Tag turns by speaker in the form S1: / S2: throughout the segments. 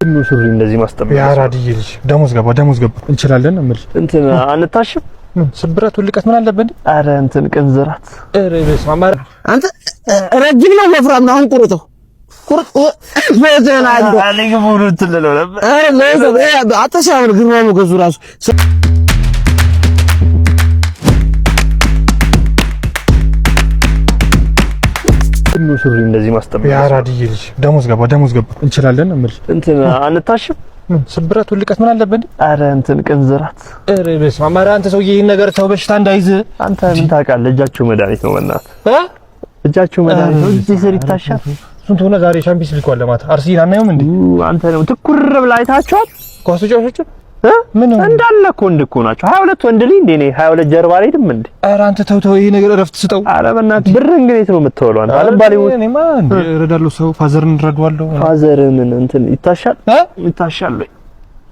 S1: ሁሉ ሱሪ እንደዚህ ማስጠበቅ ያራድዬ ልጅ ደሞዝ ገባ ደሞዝ ገባ
S2: እንችላለን እምልህ
S1: እንትን አንታሽም
S2: ስብራት ውልቀት ምን አለበት
S1: አረ እንትን ቅንዝራት
S2: አረ በስመ አብ
S1: አንተ ረጅም ነው ወፍራም ነው አሁን ቁርጠው ቁርጥ
S2: በዘና አንተ አለኝ ሙሉ ትልለው ነበር
S1: አረ ለዛ አጣሻው ግርማ ሞገዙ ራሱ
S2: ሁሉ ሱሪ እንደዚህ ማስጠበቅ ያራድዬ ልጅ ደሞዝ ገባ ደሞዝ ገባ እንችላለን እምልሽ
S1: እንትን አንታሽም
S2: ስብራት ውልቀት ምን አለበት?
S1: አረ እንትን ቅንዝራት።
S2: አረ በስመ አብ! አንተ ሰውዬ ይሄን ነገር ሰው በሽታ እንዳይዝ
S1: አንተ ምን ታውቃለህ? እጃቸው መድኃኒት ነው መናት እ እጃቸው መድኃኒት ነው። እዚህ ስር ይታሻል።
S2: ስንት ሆነ ዛሬ ሻምፒዮንስ ሊግ አለ ማታ አርሲን አናየውም እንዴ?
S1: አንተ ነው ትኩር ብለህ አይታችኋል
S2: ኳስ ጨዋታዎችን ምን
S1: እንዳለ እኮ ወንድ እኮ ናቸው። 22 ወንድ ልጅ እንደ እኔ 22 ጀርባ ላይ አልሄድም እንዴ?
S2: ኧረ አንተ ተው ተው፣ ይሄ ነገር እረፍት
S1: ስጠው። ኧረ በእናትህ ብር እንግዲህ ነው የምትወለው አንተ አልባሌ
S2: ወይ እኔማ እንደ እረዳለሁ ሰው ፋዘርን እረዳዋለሁ።
S1: ፋዘር ምን እንትን ይታሻል ይታሻል ወይ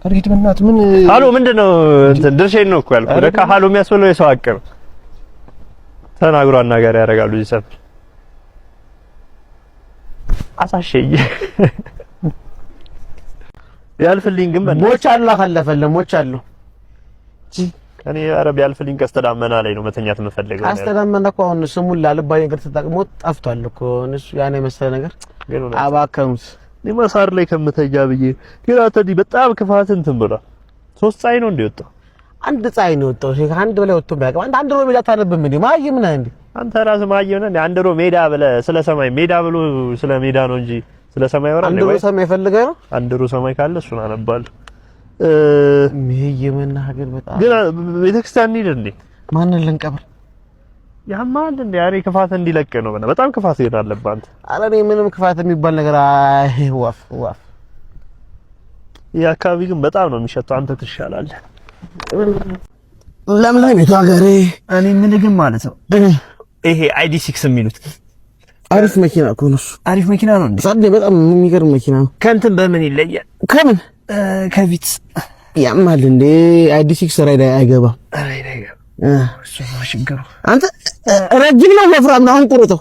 S2: ኧረ ሂድ በእናትህ። ምን
S1: ሀሎ ምንድን ነው እንትን ድርሼን ነው እኮ ያልኩህ። ለካ ሀሎ የሚያስበለው የሰው አቅም ተናግሮ አናጋሪ ያደርጋሉ። ይሰፍ አሳሸኝ ያልፍልኝ ግን ሞች አላ ካለፈለ ሞች አለው
S2: እኔ ኧረ ቢያልፍልኝ ከስተዳመና ላይ ነው መተኛት የምፈልገው።
S1: አስተዳመና እኮ አሁን ስሙን ላልባይ ነገር ተጠቅሞ ጠፍቷል እኮ እሱ ያን የመሰለ ነገር ግን አባከኑት።
S2: እኔ መሳር ላይ ከምተኛ ብዬ ግን አንተ በጣም ክፋት እንትን ብሏል። ሶስት ፀሐይ ነው እንደ
S1: አንድ ፀሐይ ነው ወጣው። እሺ አንድ በላይ ወጥቶ ቢያቀም አንድ አንድ ነው ሜዳ ታነብም እንዴ ማየም ነህ እንዴ
S2: አንተ ራስህ ማየም ነህ አንድ ነው ሜዳ ብለህ ስለ ሰማይ ሜዳ ብሎ ስለ ሜዳ ነው እንጂ ስለ ሰማይ ወራ
S1: አንድሩ ሰማይ ፈልገህ ነው።
S2: አንድ አንድሩ ሰማይ ካለ እሱን አነባለሁ።
S1: የመናገር በጣም
S2: ግን ቤተክርስቲያን እንሂድ እንዴ?
S1: ማንን ልንቀብር?
S2: ያማል እንዴ? አሬ ክፋት እንዲለቅ ነው። በጣም ክፋት ይሄዳለብህ አንተ።
S1: ኧረ እኔ ምንም ክፋት የሚባል ነገር አይ ዋፍ ዋፍ።
S2: ይህ አካባቢ ግን በጣም ነው የሚሸጠው። አንተ ትሻላለህ።
S1: ለምለም ቤቱ ሀገሬ
S2: እኔ ምንግም ማለት ነው ይሄ አይዲ ሲክስ የሚሉት
S1: አሪፍ መኪና እኮ ነው።
S2: አሪፍ መኪና ነው እንዴ?
S1: ሳደ በጣም የሚገርም መኪና ነው።
S2: ከእንትን በምን ይለያል? ከምን ከቪት
S1: ያማል እንዴ? አይዲ ሲክስ ራይድ አይገባም። ራይድ አይገባም። አንተ ረጅም ነው ወፍራም ነው። አሁን ቁርጠው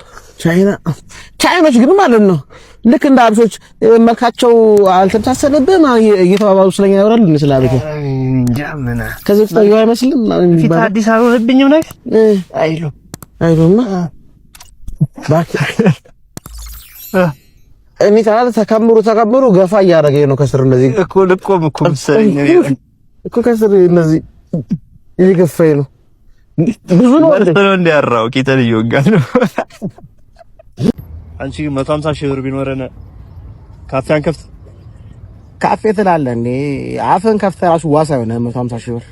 S1: ቻይና ቻይኖች ግን ማለት ነው ልክ እንደ አብሶች መልካቸው አልተመሳሰለብህም። እየተባባሉ ስለኛ ያወራሉ እንስላ ቤት ጃምና ከዚህ ተጠየው አይመስልም።
S2: ፊት አዲስ አልሆነብኝም ነው አይሉ
S1: አይሉማ ባክ እኔ ታላ ተከምሩ ተከምሩ ገፋ እያደረገኝ ነው። ከስር እንደዚህ
S2: እኮ ልቆም እኮ መሰለኝ
S1: እኮ ከስር እንደዚህ እየገፋኝ ነው።
S2: ብዙ ነው እንደ ያራው ቂጠል እየወጋ ነው አንቺ 150 ሺህ ብር ቢኖረን ካፌ አንከፍት
S1: ካፌ ትላለህ እንዴ? አፍን ከፍተህ ራሱ ዋሳ የሆነ 150 ሺህ ብር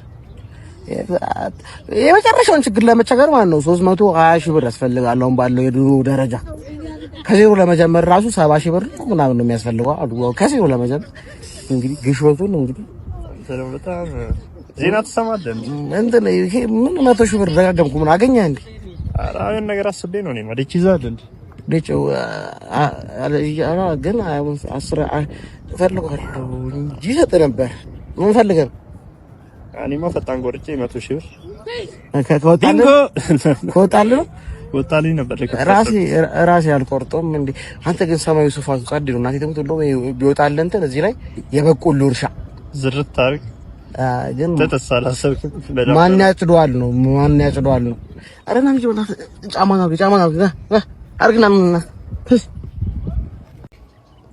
S1: የመጨረሻውን ችግር ለመቸገር ማለት ነው 320 ሺህ ብር ያስፈልጋል። አሁን ባለው የድሮ ደረጃ ከዜሮ ለመጀመር ራሱ 70 ሺህ ብር ምናምን ነው የሚያስፈልገው። አድርጎ ከዜሮ ለመጀመር እንግዲህ ግሽበቱን እንግዲህ
S2: ዜና ትሰማለህ።
S1: እንትን ይሄ ምን መቶ ሺህ ብር ደጋገምኩ ምን አገኘህ እንዴ?
S2: ኧረ ነገር አስቤ ነው እኔ ማለት ይዛል እንዴ
S1: ልጭው እያለ ግን አስር እፈልጋለሁ እንጂ ሰጥ ነበር። ምን ፈልገህ?
S2: እኔማ ፈጣን ጎርጬ መቶ ሺህ
S1: ብር ከወጣልህ ወጣልኝ ነበር። ራሴ ራሴ አልቆርጦም እንዴ አንተ ግን ሰማዩ ሱፋን ጻድ ነው እናቴ ተምቶ ነው ቢወጣልህ እንትን እዚህ ላይ የበቆሎ እርሻ
S2: ዝርት ታሪክ
S1: ግን ማን ያጭደዋል ነው ማን ያጭደዋል ነው። ኧረ ና ጫማ ነው ጫማ ነው አርግና ምንና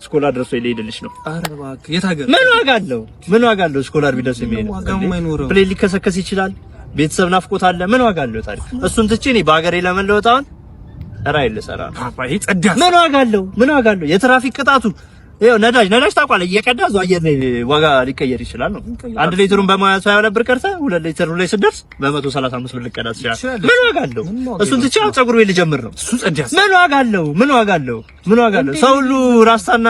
S2: ስኮላር ደርሶ ሊሄድልሽ ነው።
S1: ኧረ እባክህ የት ሀገር
S2: ምን ዋጋ አለው? ምን ዋጋ አለው? ስኮላር ቢደርስ የሚሄድ ፕሌን ሊከሰከስ ይችላል። ቤተሰብ ናፍቆት አለ። ምን ዋጋ አለው ታዲያ? እሱን ትቼ እኔ በሀገሬ ለመለወጥ አሁን ራይ ልሰራ
S1: ነው።
S2: ምን ዋጋ አለው? ምን ዋጋ አለው? የትራፊክ ቅጣቱ ይሄው ነዳጅ ነዳጅ ታውቃለህ፣ እየቀዳ እዛው አየር ላይ ዋጋ ሊቀየር ይችላል ነው። አንድ ሊትሩን በማያ ሳይሆን ብር ከርሰህ ሁለት ሊትሩ ላይ ስደርስ በ135 ብር ልቀዳ ትችላለህ። ምን ዋጋ አለው? እሱን ትቼ ፀጉር ቤት ልጀምር ነው። እሱ ምን ዋጋ አለው? ምን ዋጋ አለው? ምን ዋጋ አለው? ሰው ሁሉ ራስታና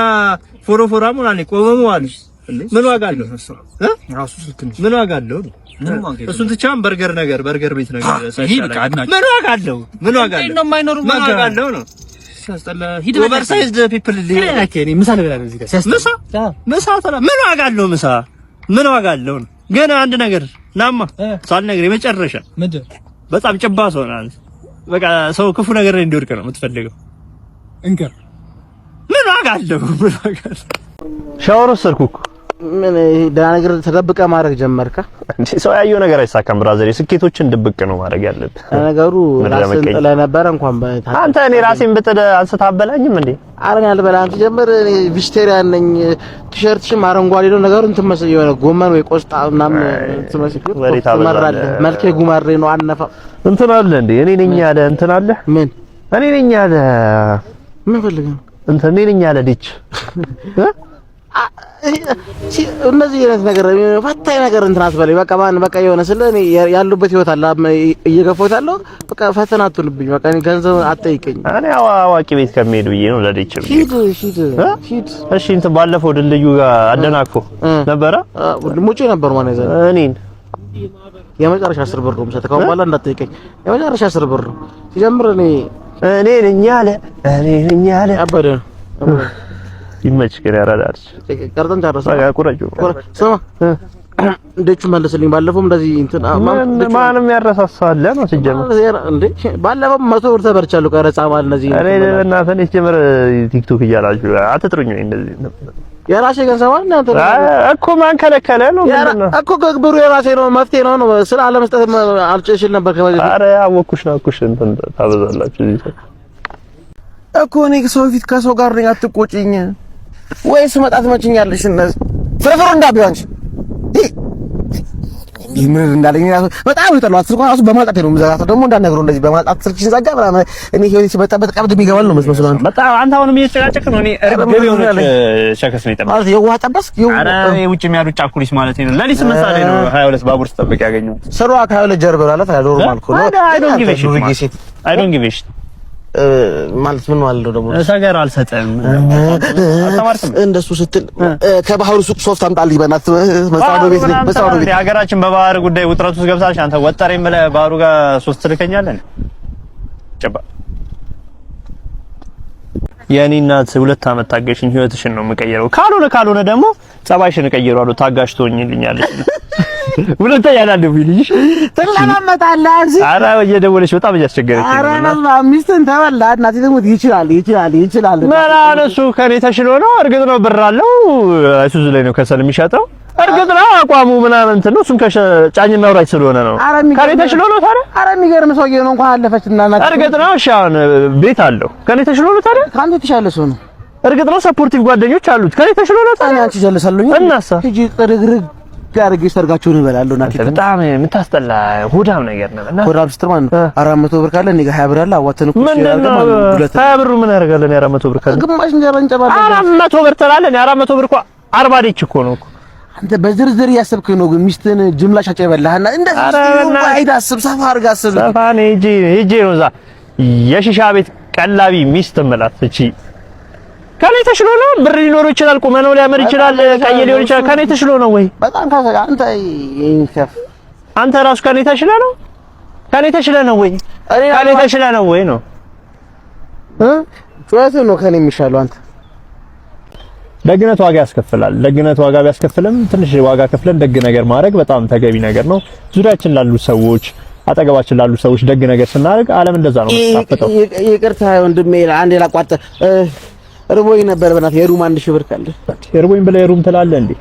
S2: ፎሮፎራሙ ናኒ ቆመሙ አሉ። ምን ዋጋ አለው? ራሱ ስልክ ምን ዋጋ አለው? እሱን ትቻም በርገር ነገር በርገር ቤት ነገር ምን ዋጋ አለው? ምን ዋጋ አለው? ምን ዋጋ አለው ነው
S1: ሲያስጠላ ሂድ።
S2: ምን ዋጋ አለው? ምሳ ምን ግን አንድ ነገር ናማ ሳልነግርህ የመጨረሻ ምንድን በጣም ጭባ ሰው ናት። በቃ ሰው ክፉ ነገር ላይ እንዲወድቅ ነው የምትፈልገው። እንከ ምን ዋጋ አለው? ምን ዋጋ አለው? ሻወር ወሰድኩ እኮ
S1: ምን ደህና ነገር ተደብቀ ማድረግ ጀመርካ
S2: እንዴ? ሰው ያየው ነገር አይሳካም ብራዘር። ስኬቶችን ድብቅ ነው ማድረግ ያለብህ።
S1: ነገሩ ራስን ጥለህ ነበረ። እንኳን
S2: አንተ እኔ ራሴን ብጥል አንስታ አበላኝም እንዴ?
S1: አረን ያልበላ አንተ ጀመር። እኔ ቬጂቴሪያን ነኝ። ቲሸርትሽም አረንጓዴ ነው። ነገሩ እንትን መሰለኝ የሆነ ጎመን ወይ ቆስጣ ምናምን እንትን መሰለኝ። ትመራለህ። መልኬ ጉማሬ ነው። አነፋ
S2: እንትን አለ እንዴ? እኔ ነኝ ያለ እንትን አለ። ምን እኔ ነኝ ያለ ምን ፈልገህ ነው? እንትን እኔ ነኝ ያለ ዲች
S1: እነዚህ አይነት ነገር ፈታኝ ነገር እንትን አትበለኝ። በቃ ማን በቃ የሆነ ስለ እኔ ያሉበት ህይወት አለ እየገፋሁት አለው። በቃ ፈተና አትሁንብኝ። በቃ እኔ ገንዘብ አትጠይቀኝ።
S2: እኔ አዋቂ ቤት ከሚሄድ ብዬ ነው ለደችም።
S1: ሂድ ሂድ
S2: ሂድ። እሺ እንትን ባለፈው ድልድዩ ጋር አደናቅፎ ነበረ
S1: ሙጪ ነበር ማን ያዘ እኔን የመጨረሻ አስር ብር ነው የምሰጥህ። ከአሁን በኋላ እንዳትጠይቀኝ። የመጨረሻ አስር ብር ነው ሲጀምር እኔ
S2: እኔ ነኝ አለ እኔ ነኝ አለ አበደ ይመች ገና ያራዳልሽ ቀርጠን ጨረሰ። በቃ ቁረጩ።
S1: ስማ እንደቹ መልስልኝ። ባለፈው እንደዚህ እንትን
S2: ማንም ያረሳሳለ ነው ሲጀመር
S1: እንዴ ባለፈው መቶ ብር ተበርቻለሁ። ቀረጻ ማለት እነዚህ
S2: እኔ እናንተ ነሽ ጀመር ቲክቶክ እያላችሁ አትጥሩኝ ወይ እንደዚህ
S1: የራሴ ገንዘብ አንተ
S2: እኮ ማን ከለከለ ነው
S1: እኮ ከግብሩ የራሴ ነው መፍትሄ ነው ነው ስለ አለመስጠት አልጨሽል ነበር
S2: ከበዚህ አረ አወኩሽ ነው አኩሽ እንትን ታበዛላችሁ እዚህ
S1: እኮ እኔ ሰው ፊት ከሰው ጋር ነኝ አትቆጪኝ ወይስ መጣት ትመችኛለሽ? እነዚህ ፍርፍሩ እንዳትበይው አንቺ ይምር እንዳለኝ እራሱ በጣም የጠላኋት ስልኳን እራሱ በማጣት ነው የምዘጋው። ደግሞ እንዳትነግረው እንደዚህ በማጣት ስልክሽን ዘጋ ምናምን እኔ ህይወቴ ሲበጠበጥ ቀብድ የሚገባል ነው መስመስሉ። አንተ
S2: በጣም አንተ አሁንም እየተጨቃጨቅ ነው። እኔ እርግጥ ገቢ ሆነ ሸከስ ነው የጠበቅሽ
S1: ማለት የዋህ ጠበስ
S2: ኧረ ውጭ የሚያሉ ጫኩሊስ ማለት ነው። ለሊስ ስምንት ሰዓት ላይ ነው ሀያ ሁለት ባቡር ስጠብቅ ያገኘሁት
S1: ስሯ ከሀያ ሁለት ጀርባ ማለት ኖርማል እኮ
S2: ነው። አይ ዶንት ጊቭ ኤ ሺት
S1: ማለት ምን ማለት ነው
S2: ደግሞ? ሰገር አልሰጠም።
S1: እንደሱ ስትል ከባህሩ ሱቅ ሶፍት አምጣልኝ በእናትህ።
S2: መጽሐፍ ቤት ነው መጽሐፍ ቤት። ሀገራችን በባህር ጉዳይ ውጥረት ውስጥ ገብታለች። አንተ ወጠረኝ ብለህ ባህሩ ጋር ሶፍት ትልከኛለህ። ጨባ የእኔ እናት ሁለት አመት ታገሽኝ፣ ህይወትሽን ነው የምቀይረው። ካልሆነ ካልሆነ ደግሞ ጸባይሽን እቀይረዋለሁ። ታጋሽ ትሆኝልኛለሽ። ሁለተኛ ና እንደው ልጅሽ
S1: ትለማመጣለህ።
S2: እዚህ ኧረ እየደወለች በጣም እያስቸገረች
S1: ነው። ሚስትን ተበላ እናቴ ትሙት። ይችላል ይችላል ይችላል።
S2: ምን አለ እሱ ከኔ ተሽሎ ነው። እርግጥ ነው ብር አለው። አይሱዙ ላይ ነው ከሰል የሚሸጠው። እርግጥ ነው አቋሙ ምናምን እንትን ነው። እሱም ከጫኝና አውራጅ ስለሆነ ነው ከኔ ተሽሎ ነው። ታዲያ
S1: ኧረ የሚገርም ሰውዬ ነው። እንኳን አለፈች እና
S2: እናቴ። እርግጥ ነው እሺ፣ አሁን ቤት አለው። ከኔ ተሽሎ ነው። ታዲያ
S1: ከአንተ የተሻለ ሰው ነው።
S2: እርግጥ ነው ሰፖርቲቭ ጓደኞች አሉት። ከኔ ተሽሎ ነው።
S1: ታዲያ አንቺ ጀለሰሉኝ
S2: እናሳ ሂጂ ጥርግርግ ኢትዮጵያ አድርጌ ሰርጋችሁን እበላለሁ። ናት በጣም የምታስጠላ ሆዳም ነገር ነው። ሆዳም ስትል ማለት ነው። አራት መቶ ብር ካለ እኔ ጋር ሀያ ብር አለ አዋተን እኮ ሀያ ብሩ ምን ያደርጋል? አራት መቶ ብር ካለ ግማሽ እንጀራ እንጨባለን። አራት መቶ ብር ትላለህ? አራት መቶ ብር እኮ አርባ ደች እኮ ነው እኮ አንተ በዝርዝር እያሰብክ ነው። ግን ሚስትን ጅምላ ሻጭ ይበላህና እንደዚህ አስብ፣ ሰፋ አድርገህ አስብ። ሰፋ ነው። ሂጂ ነው እዛ የሺሻ ቤት ቀላቢ ሚስት እምላት እቺ ከኔ ተሽሎ ነው። ብር ሊኖር ይችላል፣ ቁመናው ሊያምር ይችላል፣ ቀይ ሊሆን ይችላል። ከኔ ተሽሎ ነው ወይ? በጣም ካሰጋ አንተ አንተ ራሱ ከኔ ተሽለ ነው። ከኔ ተሽለ ነው ወይ? ከኔ ተሽለ ነው ወይ ነው እ ጩኸት ነው ከኔ የሚሻለው አንተ። ደግነት ዋጋ ያስከፍላል። ደግነት ዋጋ ቢያስከፍልም ትንሽ ዋጋ ከፍለን ደግ ነገር ማድረግ በጣም ተገቢ ነገር ነው። ዙሪያችን ላሉ ሰዎች አጠገባችን ላሉ ሰዎች ደግ ነገር ስናደርግ ዓለም እንደዛ ነው የምታፈጠው። ይቅርታ ወንድሜ አንዴ ላቋጥ እርቦኝ ነበር። በእናትህ የሩም አንድ ሺህ ብር ካለ እርቦኝ ብለህ የሩም ትላለህ እንዴ?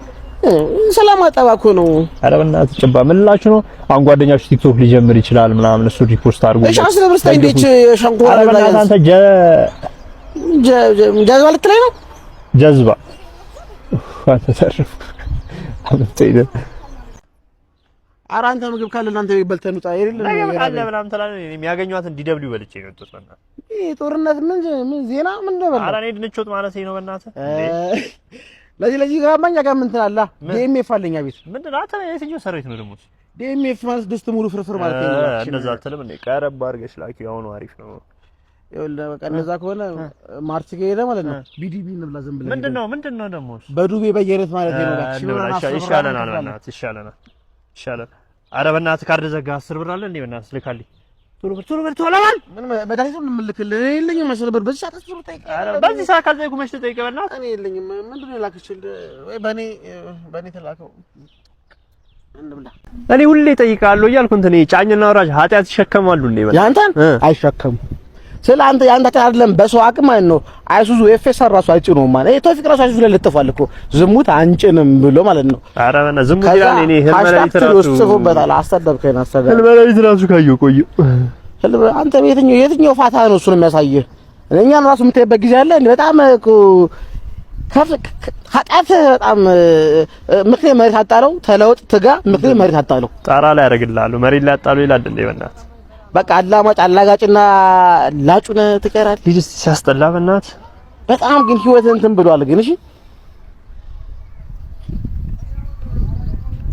S2: ሰላም አጣባ እኮ ነው። ኧረ በእናትህ ጭባ ምን ነው? አሁን ጓደኛችሁ ቲክቶክ ሊጀምር ይችላል ምናምን እሱ ሪፖስት አድርጎ እሺ። አስር ብር ስታይ እንዴት ሸንኮራ ላይ አንተ አንተ ጀ ጀዝባ ልትለኝ ነው? ጀዝባ ኧረ አንተ ምግብ ካለ እናንተ በልተህ እንውጣ። የሚያገኟትን ዲደብሊው በልቼ ነው ጦርነት ምን ምን ዜና ምን እንደበላ ኧረ እኔ ድንቾት ማለት ነው። በእናትህ ለዚህ ለዚህ ጋማኝ ጋር ምን ትላላ? ዲኤምኤፍ አለኛ ቤት ምንድን ነው? አንተ የትኛው ሰራዊት ነው ደግሞ? ዲኤምኤፍ ማለት ድስት ሙሉ ፍርፍር ማለት ነው። እንደዛ አትልም እንዴ? ቀረብ አድርገሽ ላኪ። አሁን አሪፍ ነው። ይኸውልህ በቃ እንደዛ ከሆነ ማርች ከሄደ ማለት ነው ቢዲቢ እንብላ። ዝም ብለህ ምንድን ነው ምንድን ነው ደግሞ በዱቤ በየዕለት ማለት ነው። ይሻለናል፣ በእናትህ ይሻለናል፣ ይሻለናል። ኧረ በእናትህ ካርድ ዘጋ። አስር ብር አለ እንዴ? በእናትህ ልካልኝ ቶሎ በል ቶሎ በል ቶሎ በል። ምን መድኃኒቱን የምልክልህ የለኝም መሰለህ ብር በዚህ ሰዓት ብር ጠይቀህ በዚህ ሰዓት ካልጠየኩህ መች ተጠይቀህ በእናትህ። እኔ የለኝም። ምንድን ነው የላክሽልህ? ወይ በእኔ በእኔ ተላከው እኔ ሁሌ እጠይቅሃለሁ እያልኩ እንትን ጫኝና ወራጅ ኃጢአት ይሸከማሉ እንዴ? ያንተን አይሸከሙም ስለ አንተ ያንተ አይደለም በሰው አቅም ማለት ነው። አይሱዙ ኤፌሳር ራሱ አይጭኑም ማለት ነው። ቶፊቅ ራሱ አይሱዙ ላይ ለጥፏል እኮ ዝሙት አንጭንም ብሎ ማለት ነው። ኧረ በእናትህ ዝሙት ይላል። እኔ ህልመለሊት ራሱ ጽፎበታል። አሰደብከኝ አሰደብ ህልመለሊት ራሱ ካየሁ ቆየ ህልመ አንተ የትኛው የትኛው ፋታ ነው እሱን የሚያሳየህ? እኛን ራሱ የምትሄድበት ጊዜ አለ እንዴ? በጣም እኮ ኃጢአት በጣም ምክሬ መሬት አጣለው። ተለውጥ ትጋ ምክሬ መሬት አጣለው። ጣራ ላይ ያደርግልሃሉ መሬት ላይ አጣሉ ይላል እንዴ በእናትህ በቃ አላማጭ አላጋጭና ላጩነ ትቀራል። ልጅስ ሲያስጠላ በእናት በጣም ግን ህይወት እንትን ብሏል። ግን እሺ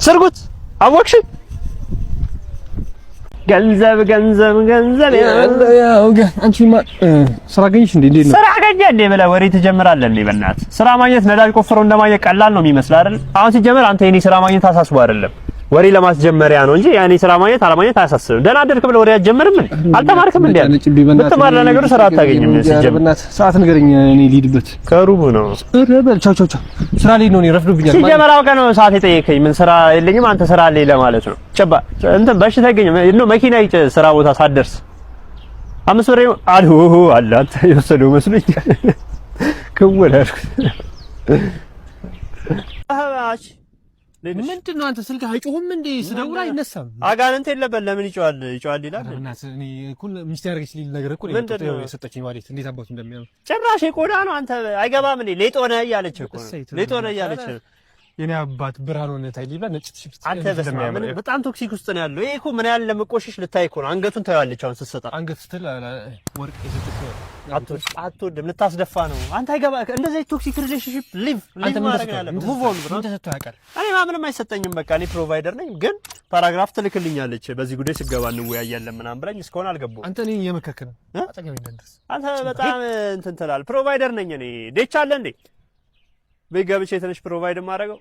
S2: ስርጉት አወቅሽ። ገንዘብ ገንዘብ ገንዘብ ያው ገን አንቺ ማ ስራ አገኘሽ እንዴ? እንዴ ነው ስራ አገኘ እንዴ ብለህ ወሬ ትጀምራለህ እንዴ? በእናት ስራ ማግኘት ነዳጅ ቆፍሮ እንደማግኘት ቀላል ነው የሚመስልህ አይደል? አሁን ሲጀምር አንተ የኔ ስራ ማግኘት አሳስቦ አይደለም ወሬ ለማስጀመሪያ ነው እንጂ ያኔ ስራ ማግኘት አለማግኘት አያሳስብም። ደህና አደርክ ብለህ ወሬ አትጀምርም እንዴ? አልተማርክም እንዴ? ብትማር ለነገሩ ስራ አታገኝም። ሲጀምር ሰዓት ንገረኝ፣ እኔ ልሂድበት። ከሩብ ነው ረበል ቻው ቻው ቻው። ስራ ልሂድ ነው፣ እኔ ረፍዶብኛል። ሲጀመር አውቀህ ነው ሰዓት የጠየከኝ። ምን ስራ የለኝም አንተ ስራ አለኝ ለማለት ነው። ጨባ እንትን በሽታ አይገኝም ነው መኪና ስራ ቦታ ሳትደርስ አምስት ወሬ አልሁ አለ። አንተ የወሰደው መስሎኝ ከወላሽ ምንድን ነው አንተ ስልክ አይጮህም እንዴ? ስደውል አይነሳም። አጋንንት የለበት ለምን ይጮሃል? ይጮሃል ይላል። ሊል ነገር የሰጠችኝ እንዴት አባቱ እንደሚያ ጭራሽ የቆዳ ነው አንተ አይገባም እንዴ? ሌጦ ነህ እያለች ሌጦ ነህ እያለች የኔ አባት ብርሃን ሆነ ታይ ሊብላ ነጭ ትሽፍት አንተ በጣም ቶክሲክ ውስጥ ነው ያለው። ይሄ እኮ ምን ያህል ለመቆሸሽ ልታይ እኮ ነው። አንገቱን ታያለች። አሁን ስትሰጣ አንገት ስትል ወርቅ ይዘጥቶ አትወድም፣ ልታስደፋ ነው። አንተ አይገባ እንደዚህ ቶክሲክ ሪሌሽንሺፕ ሊቭ ሊቭ ማድረግ ያለ ሙቭ ኦን ብራ አንተ ሰጥቶ ያውቃል። እኔ ምንም አይሰጠኝም። በቃ እኔ ፕሮቫይደር ነኝ። ግን ፓራግራፍ ትልክልኛለች። በዚህ ጉዳይ ስገባ እንወያያለን ምናምን ብለኝ እስከሆነ አልገባሁም። አንተ እኔን እየመከክ ነው። አንተ በጣም እንትን ትላለህ። ፕሮቫይደር ነኝ እኔ። ዴቻ አለ እንዴ ቢገብቼ ትንሽ ፕሮቫይድ ማድረገው